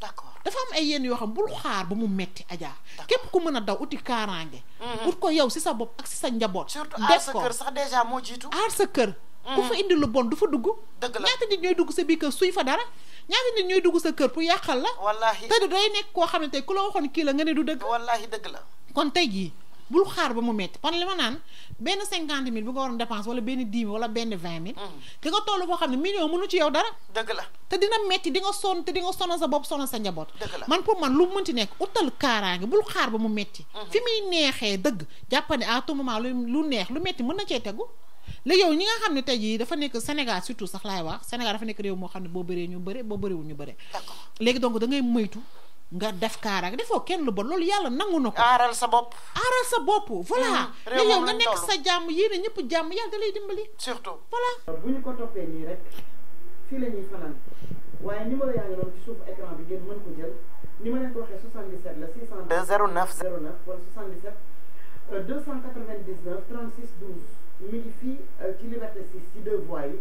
d'accord dafa am ay yenn yoo xam bul xaar ba mu metti Adja képp ku mën a daw uti kaaraange mm-hmm. ut ko yow si sa bopp ak si sa njaboot surtout aar sa kër sax déjà moo jiitu aar sa kër ku fa indi lu bon du fa dugg ñaata nit ñooy dugg sa biir kër suñ fa dara ñaata nit ñooy dugg sa kër pour yàqal la wallaahi te day nekk koo xam ne tey ku la waxoon kii la nga ne du dëgg wallaahi dëgg la kon te jii bul xaar ba mu métti pan li ma naan benn cinquante mille bu nga waroon dépense wala benn dix mille wala benn vingt mille di mm. nga toll foo xam ne million mënu ci yow dara dëgg la te dina metti di nga sonn te di nga sonal sa bopp sonal sa njaboot man pour man lu mënti nekk utal kaaraange bul xaar ba mu metti mm-hmm. fi muy neexee dëgg jàppane à tout moment lu neex lu metti mën na cee tegu léegi yow ñi nga xam ne tey jii dafa nekk Sénégal surtout sax laay wax Sénégal dafa nekk réew moo xam ne boo bëree ñu bëre boo bëriwul ñu bëre léegi donc da ngay moytu nga def kaaraange defoo kenn lu bon loolu yàlla nangu na ko. aaral sa bopp. aaral sa bopp voilà. Mm-hmm. réew yow nga nekk sa jàmm yéene ñëpp jàmm yàlla da lay dimbali. surtout voilà. bu ko toppee nii rek fii la ñuy mi fii euh, ci liberté si si deux voies yi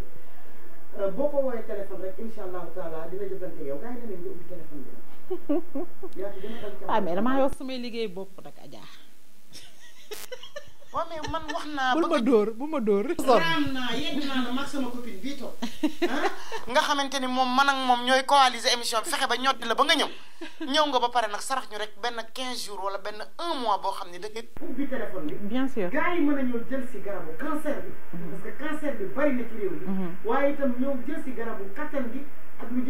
euh, boo ko woowee téléphone rek incha allahu taala di jëflante yow gars yi na ne nga ubbi téléphone bi nag yaa ngi gën a ah liggéey bopp nag Adja waaw man wax naa. bu ma dóor bu ma dóor. raam naa yegg naa ne mag sama copine bii toog nga xamante ni moom man ak moom ñooy coaliser émission bi fexe ba ñoddi la ba nga ñëw ñëw nga ba pare nag sarax ñu rek benn 15 jours wala benn un mois boo xam ne da ngay. ubbi téléphone bi. bien sûr gars yi mën a ñëw jël si garabu cancer bi. Mhm. parce que cancer bi bari na ci réew mi. Mhm. waaye itam ñëw jël si garabu kattan bi. ak lu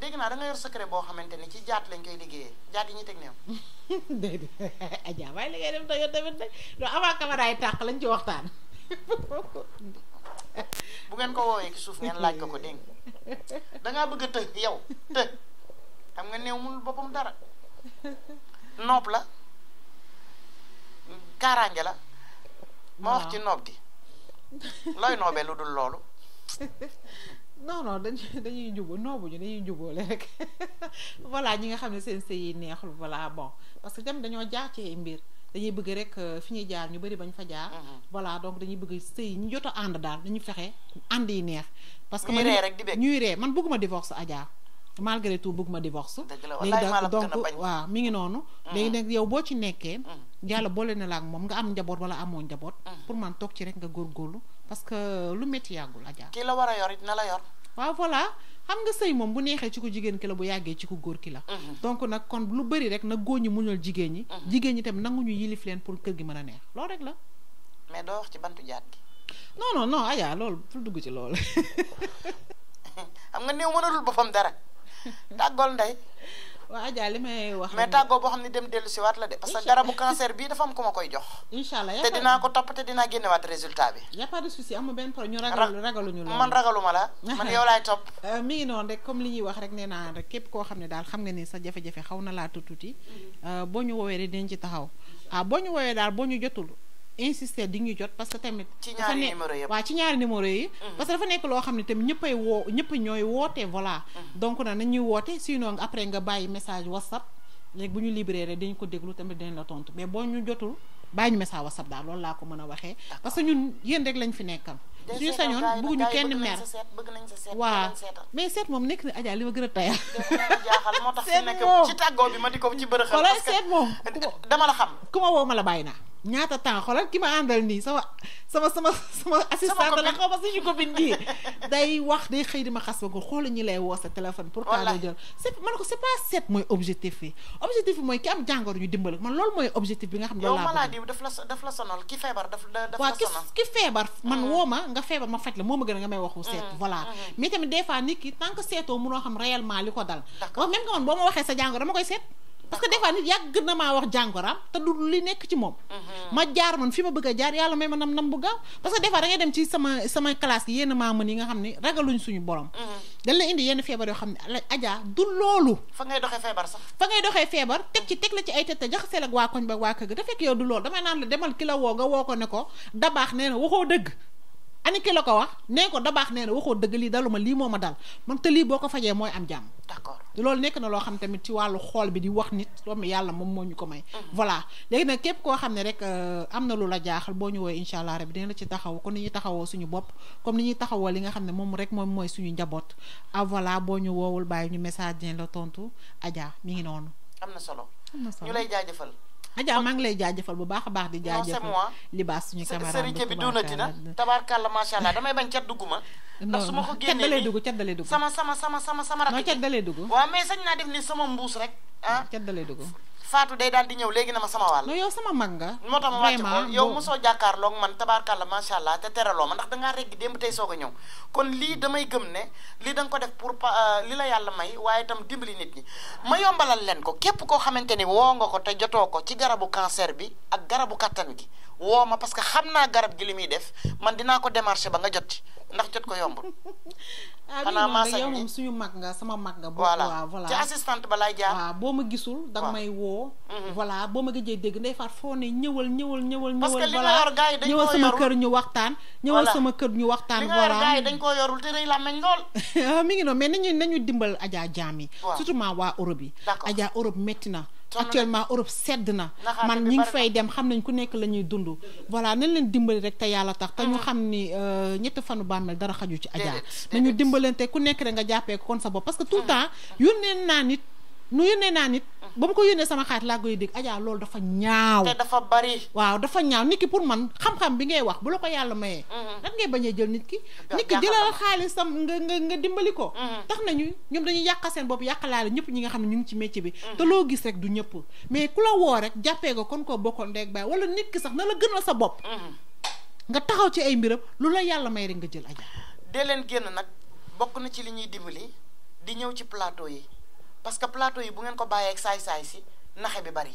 dégg naa da nga yor secret boo xamante ni ci jaat lañ koy liggéeyee jaat yi ñuy teg neew. déedéet Adja waaye li ngay def da nga tamit de avant caméra yi tàq lañ ci waxtaan. bu ngeen ko woowee ci suuf ngeen laaj ko ko dégg da bëgg a të yow të xam nga néew mënul boppam dara noob la kaaraange la. ma wax ci noob gi looy noobee lu dul loolu. non non dañuy dañuy jubóo noobu ñu dañuy jubóole rek voilà ñi nga xam ne seen sëy yi neexul voilà bon parce que tamit dañoo jaar ci mbir dañuy bëgg rek euh, fi ñuy jaar ñu bëri bañ fa jaar. Mm-hmm. voilà donc dañuy bëgg sëy ñu joto ànd daal dañuy fexe ànd yi neex. parce que ñuy rek di ñuy ree man bëgguma divorce Adja. malgré tout bëgg ma divorce léegi daal donc waaw mi ngi noonu mm. léegi nag yow boo ci nekkee mm. yàlla boole na la ak moom nga am njaboot wala amoo njaboot mm. pour man toog ci rek nga góorgóorlu parce que lu métti yàggul Adja ki la war a yor it la yor waaw voilà xam nga sëy moom bu neexee ci ku jigéen ki bu yàggee ci ku góor ki la mm-hmm. donc nag kon lu bari rek na góor ñi muñal jigéen ñi mm-hmm. jigéen ñi tam nanguñu yilif leen pour kër gi mën a neex loolu rek la mais doo wax ci bantu jaat gi non non non Adja loolu pour dugg ci loolu xam nga néew mënalul boppam dara tàggool ndey waa Adja li may wax mais tàggoo boo xam ne dem dellu waat la de parce que garabu cancer bii dafa am ku ma koy jox incha allah te dinaa ko topp a pas de souci amul benn problème ñu ragal ragaluñu la man ragaluma la man yow laay topp euh, mi rek comme li ñuy wax rek nee naa rek képp koo xam ne daal xam nga ne sa jafe-jafe xaw na laa tututi mm-hmm. euh, boo ñu woowee rek dinañ ci taxaw ah boo ñu woowee daal boo ñu jotul insister di ñu jot parce que tamit. ci ñaari numéro yi waaw ci ñaari dafa nekk loo xam ne tamit ñëppay woo ñëpp ñooy woote voilà. Mm. donc nag nañuy woote sinon après nga bàyyi message whatsapp léegi bu ñu libéré rek dañu ko déglu tamit dañ la tontu mais boo ñu jotul bàyyi ñu message whatsapp daal loolu laa ko mën a waxee. parce que ñun yéen rek lañ fi nekkal. suñu sañoon bëgguñu kenn mer waaw mais seet moom nekk na Adja li ma gën a tayal seet moom ci tàggoo bi ma di ko ci bërëxal xoolal seet moom dama la xam ku ma woo ma la ma sama sama sama sama assistante la xaw ma suñu copine bii day wax day xëy di ma xas ba ko xoolal ñi lay woo sa téléphone pour pas doo jël c'est man ko c'est seet mooy objectif bi objectif bi mooy ki am jàngoro ñu dimbali man loolu mooy objectif bi nga xam ne laa bëgg daf la daf la sonal ki feebar daf la daf la sonal waaw ki feebar man mm. woo ma nga feebar ma faj la moo ma gën a nga may waxu seet mm, voilà mm. mais tamit des fois nit ki tant que seetoo mënoo xam réellement li ko dal wax même que man boo ma waxee sa jàngoro dama koy nekk moom mm-hmm. ma jaar man fi ma bëgg jaar yàlla may ma nam nam bu gaaw parce que des fois da ngay dem ci sama sama classe yi yenn suñu borom mm-hmm. dañ yenn feebar yoo xam ne Adja loolu fa ngay doxee feebar sax fa ngay doxee feebar teg ci teg ci ay teg te jaxaseel ak waa koñ ba waa kër ga te fekk yow du demal ki woo nga woo ko ne ko dabaax nee na waxoo dëgg Anike la ko wax nee ko da baax nee na waxoo dëgg lii daluma lii moo ma dal man te lii boo ko fajee mooy am jàmm. d'accord loolu nekk na loo xam tamit ci wàllu xool bi di wax nit loolu yàlla moom moo ko may. Mm-hmm. voilà léegi nag képp koo xam ne rek euh, am na lu la jaaxal boo ñu woowee incha allah rabi dina la ci taxaw kon ni ñuy taxawoo suñu bopp comme ni ñuy li nga xam ne moom rek moom mooy suñu njaboot ah voilà boo ñu woowul bàyyi ñu message dina la tontu Adja mi ngi noonu. am na solo ñu lay jaajëfal Adja maa ngi lay jaajëfal bu baax a baax di jaajëfal libaas suñu camarade sëriñ bi duunati na tabaarkàlla macha allah damay bañ cat dugg ma ndax su ma ko génnee cat dalay dugg cat dalay dugg sama sama sama sama sama rakk non cat dalay dugg waaw mais sañ naa def ni sama mbuus rek ah cat dalay faatu day daal di ñëw léegi na ma sama wàll. non yow mag nga. moo tax ma wàcc ko yow mosoo jàkkaarloog man tabaarkàlla macha allah te teraloo ma ndax dangaa regg démb tey soog a ñëw kon lii damay gëm ne lii da nga ko def pour pa euh, li la yàlla may waaye tam dimbali nit ñi ma yombalal leen ko képp koo xamante ni woo nga ko te jotoo ko ci garabu cancer bi ak garabu kattan gi woo ma parce que xam naa garab gi li muy def man dinaa ko démarché ba nga jot ci ndax jot ko yombul. Ah, xanaa maa moom suñu mag nga sama mag nga. voilà voilà ci assistante waaw boo ma gisul da may woo. Mm-hmm. boo ma gëjee dégg ndey faat foo ne ñëwal ñëwal ñëwal. ñëwal parce que yi dañ koo ñëwal kër ñu waxtaan. ñëwal sama kër ñu waxtaan. voilà li nga yor gars yi dañ koo yorul te rëy la meñ lool. Ah, mi ngi noonu mais nañu nañu dimbal Adja jaam yi. surtout maa waa Europe yi. Adja Europe métti na actuellement Europe sedd na man ñi ngi fay dem xam nañ ku nekk la ñuy dund voilà nañ leen dimbali rek te yàlla tax te ñu xam ni euh, ñetti fanu bàmmeel dara xaju ci ajaa nañu dimbalante ku nekk rek nga jàppee ko kon sa bopp parce que tout le yónnee naa nit nu yónnee naa nit ba mu ko yónnee sama xarit laa koy dégg Adja loolu dafa ñaaw te dafa waaw dafa ñaaw nit ki pour man xam-xam bi ngay wax bu la ko yàlla mayee mm-hmm. nan ngay bañee jël nit ki nit ki jëlal xaalisam nga nga nga dimbali ko mm-hmm. tax nañu ñoom dañuy yàq seen bopp yàqalaale ñëpp ñi nga xam ne ñu ngi ci métier bi mm-hmm. te loo gis rek du ñëpp mais ku la woo rek jàppee ko kon koo bokkoon ndeeg baay wala nit sax na la gënal sa bopp nga taxaw ci ay mbiram lu la yàlla may rek nga jël Adja dee leen génn nag bokk na ci li ñuy dimbali di ñëw ci plateau yi parce que plateau yi bu ngeen ko bàyyee saay-saay si naxe bi bari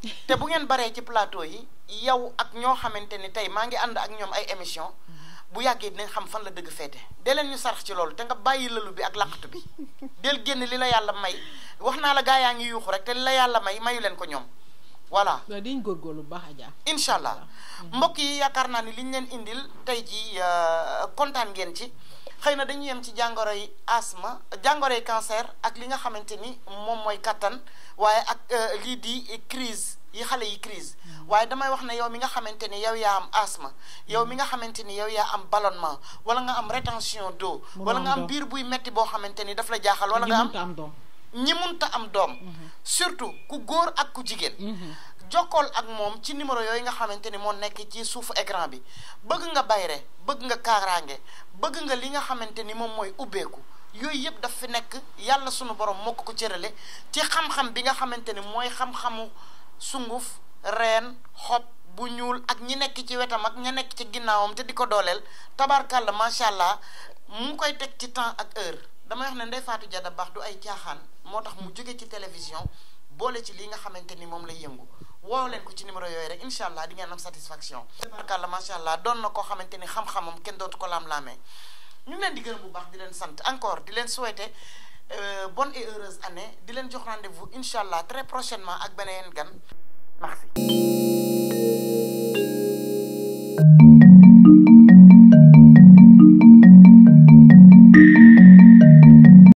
te bu ngeen baree ci plateau yi yow ak ñoo xamante ni tey maa ngi ànd ak ñoom ay émission mm-hmm. bu yàggee dinañ xam fan la dëgg feete dee leen ñu sarax ci loolu te nga bàyyi lalu bi ak laqatu bi del génn li la yàlla may wax naa la gaa yaa ngi yuuxu rek te li la yàlla may mayu leen ko ñoom voilà diñ góorgóorlu bu baax Adja incha allah mbokk yi yaakaar naa ni liñ leen indil tey jii euh, kontaan ngeen ci xëy na dañu yem ci jàngoro jàngoroy asthme jàngoroy cancer ak li nga xamante ni moom mooy kattan waaye ak euh, lii di crise yi xale yi crise hmm. waaye damay wax ne yow mi nga xamante ni yow yaa am asthme yow mi nga xamante ni yow yaa am ballonnement wala nga am rétention d'eau wala nga am biir buy metti boo xamante ni daf la jaaxal wala nga am ñi munta am doom surtout ku góor ak ku jigéen jokkool ak moom ci numéro yooyu nga xamante ni moo nekk ci suufu écran bi bëgg nga bayre bëgg nga kaaraange bëgg nga li nga xamante ni moom mooy ubbeeku yooyu yëpp dafa fi nekk yàlla sunu borom moo ko ko cërale ci xam-xam bi nga xamante ni mooy xam-xamu sunguf reen xob bu ñuul ak ñi nekk ci wetam ak ña nekk ci ginnaawam te di ko dooleel tabarkàlla macha allah mu koy teg ci temps ak heure dama wax ne Ndeye Fatou Diatta Bâ du ay caaxaan moo tax mu jógee ci télévision boole ci li nga xamante ni moom lay yëngu woow leen ko ci numéro yooyu rek incha allah di ngeen am satisfaction. barkàlla macha allah doon na ko xamante ni xam-xamam kenn dootu ko laam-laamee ñu ngi leen di gërëm bu baax di leen sant encore di leen souhaiter euh, bon et heureuse année di leen jox rendez-vous incha allah très prochainement ak beneen gan merci.